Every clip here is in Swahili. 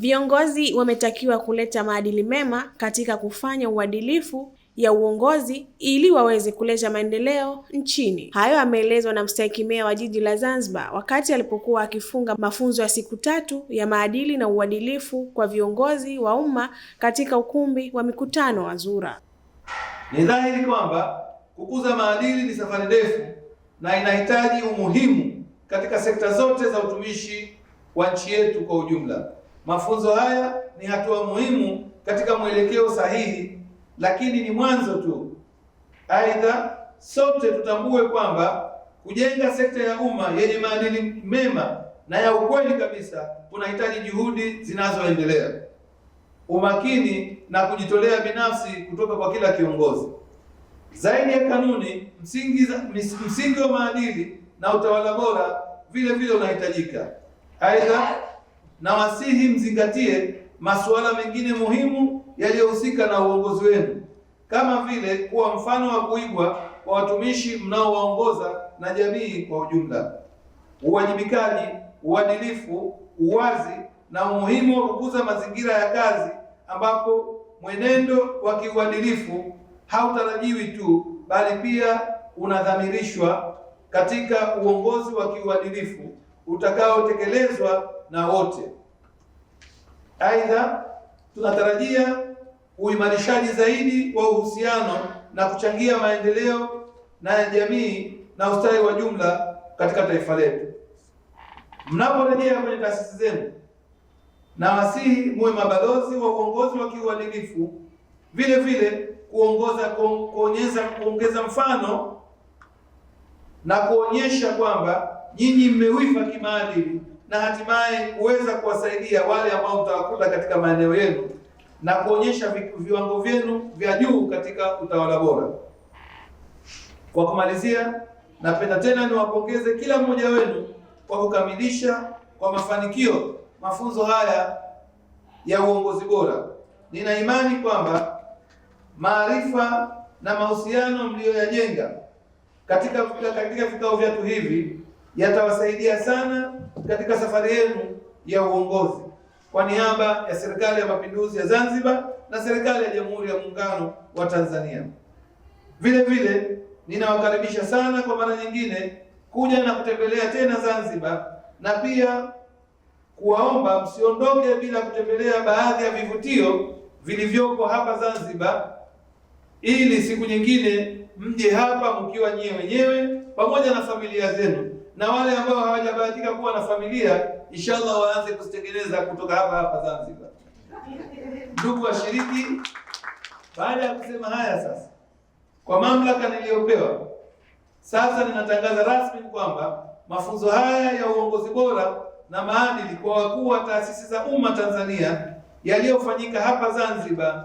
Viongozi wametakiwa kuleta maadili mema katika kufanya uadilifu ya uongozi ili waweze kuleta maendeleo nchini. Hayo ameelezwa na mstahiki meya wa jiji la Zanzibar wakati alipokuwa akifunga mafunzo ya siku tatu ya maadili na uadilifu kwa viongozi wa umma katika ukumbi wa mikutano wa Zura. Ni dhahiri kwamba kukuza maadili ni safari ndefu na inahitaji umuhimu katika sekta zote za utumishi wa nchi yetu kwa ujumla. Mafunzo haya ni hatua muhimu katika mwelekeo sahihi, lakini ni mwanzo tu. Aidha, sote tutambue kwamba kujenga sekta ya umma yenye maadili mema na ya ukweli kabisa kunahitaji juhudi zinazoendelea, umakini na kujitolea binafsi kutoka kwa kila kiongozi. Zaidi ya kanuni, msingi msingi wa maadili na utawala bora vile vile unahitajika. Aidha na wasihi mzingatie masuala mengine muhimu yaliyohusika na uongozi wenu kama vile kuwa mfano wa kuigwa kwa watumishi mnaowaongoza na jamii kwa ujumla, uwajibikaji, uadilifu, uwazi na umuhimu wa kukuza mazingira ya kazi ambapo mwenendo wa kiuadilifu hautarajiwi tu bali pia unadhamirishwa katika uongozi wa kiuadilifu utakaotekelezwa na wote. Aidha, tunatarajia uimarishaji zaidi wa uhusiano na kuchangia maendeleo na ya jamii na ustawi wa jumla katika taifa letu. Mnaporejea kwenye taasisi zenu, na wasihi muwe mabalozi wa uongozi wa kiuadilifu, vile vile kuongoza kuongeza kuongeza mfano na kuonyesha kwamba nyinyi mmewifa kimaadili na hatimaye kuweza kuwasaidia wale ambao mtawakuta katika maeneo yenu na kuonyesha viwango vyenu vya juu katika utawala bora. Kwa kumalizia, napenda tena niwapongeze kila mmoja wenu kwa kukamilisha kwa mafanikio mafunzo haya ya uongozi bora. Nina imani kwamba maarifa na mahusiano mliyoyajenga katika katika vikao vyetu hivi yatawasaidia sana katika safari yenu ya uongozi. Kwa niaba ya Serikali ya Mapinduzi ya Zanzibar na Serikali ya Jamhuri ya Muungano wa Tanzania, vile vile ninawakaribisha sana kwa mara nyingine kuja na kutembelea tena Zanzibar, na pia kuwaomba msiondoke bila kutembelea baadhi ya vivutio vilivyoko hapa Zanzibar, ili siku nyingine mje hapa mkiwa nyie wenyewe pamoja na familia zenu na wale ambao hawajabahatika kuwa na familia, inshallah waanze kuzitengeneza kutoka hapa hapa Zanzibar. Ndugu washiriki, baada ya kusema haya sasa, kwa mamlaka niliyopewa sasa, ninatangaza rasmi kwamba mafunzo haya ya uongozi bora na maadili kwa wakuu wa taasisi za umma Tanzania yaliyofanyika hapa Zanzibar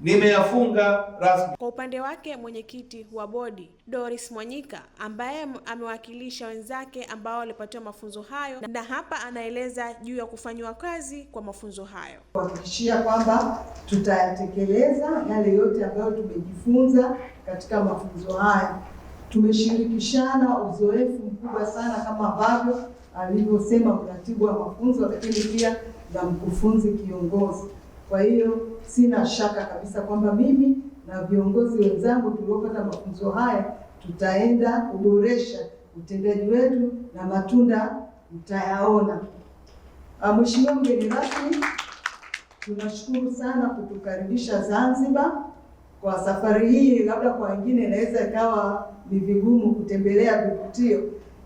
nimeyafunga rasmi. Kwa upande wake mwenyekiti wa bodi Doris Mwanyika ambaye amewakilisha wenzake ambao walipatiwa mafunzo hayo, na hapa anaeleza juu ya kufanywa kazi kwa mafunzo hayo. Kuhakikishia kwamba tutayatekeleza yale yote ambayo tumejifunza katika mafunzo haya. Tumeshirikishana uzoefu mkubwa sana kama ambavyo alivyosema mratibu wa mafunzo, lakini pia na mkufunzi kiongozi. Kwa hiyo sina shaka kabisa kwamba mimi na viongozi wenzangu tuliopata mafunzo haya tutaenda kuboresha utendaji wetu na matunda mtayaona. Ah, mheshimiwa mgeni rasmi, tunashukuru sana kutukaribisha Zanzibar kwa safari hii. Labda kwa wengine inaweza ikawa ni vigumu kutembelea vivutio,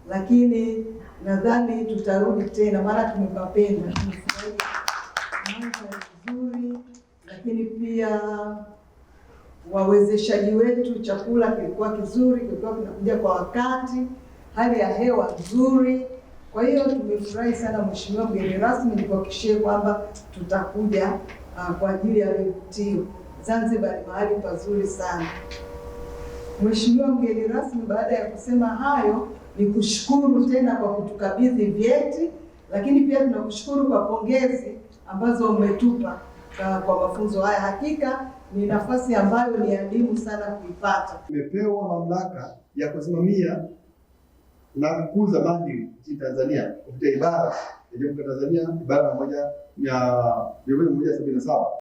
lakini nadhani tutarudi tena, maana tumepapenda. pia wawezeshaji wetu, chakula kilikuwa kizuri, kilikuwa kinakuja kwa wakati, hali ya hewa nzuri. Kwa hiyo tumefurahi sana Mheshimiwa mgeni rasmi, nikuhakikishie kwamba tutakuja uh, kwa ajili ya vivutio. Zanzibar ni mahali pazuri sana. Mheshimiwa mgeni rasmi, baada ya kusema hayo, ni kushukuru tena kwa kutukabidhi vyeti, lakini pia tunakushukuru kwa pongezi ambazo umetupa kwa mafunzo haya. Hakika ni nafasi ambayo ni adimu sana kuipata. Nimepewa mamlaka ya kusimamia na kukuza maadili nchini Tanzania kupitia ibara ya Tanzania ibara ya mia moja sabini na saba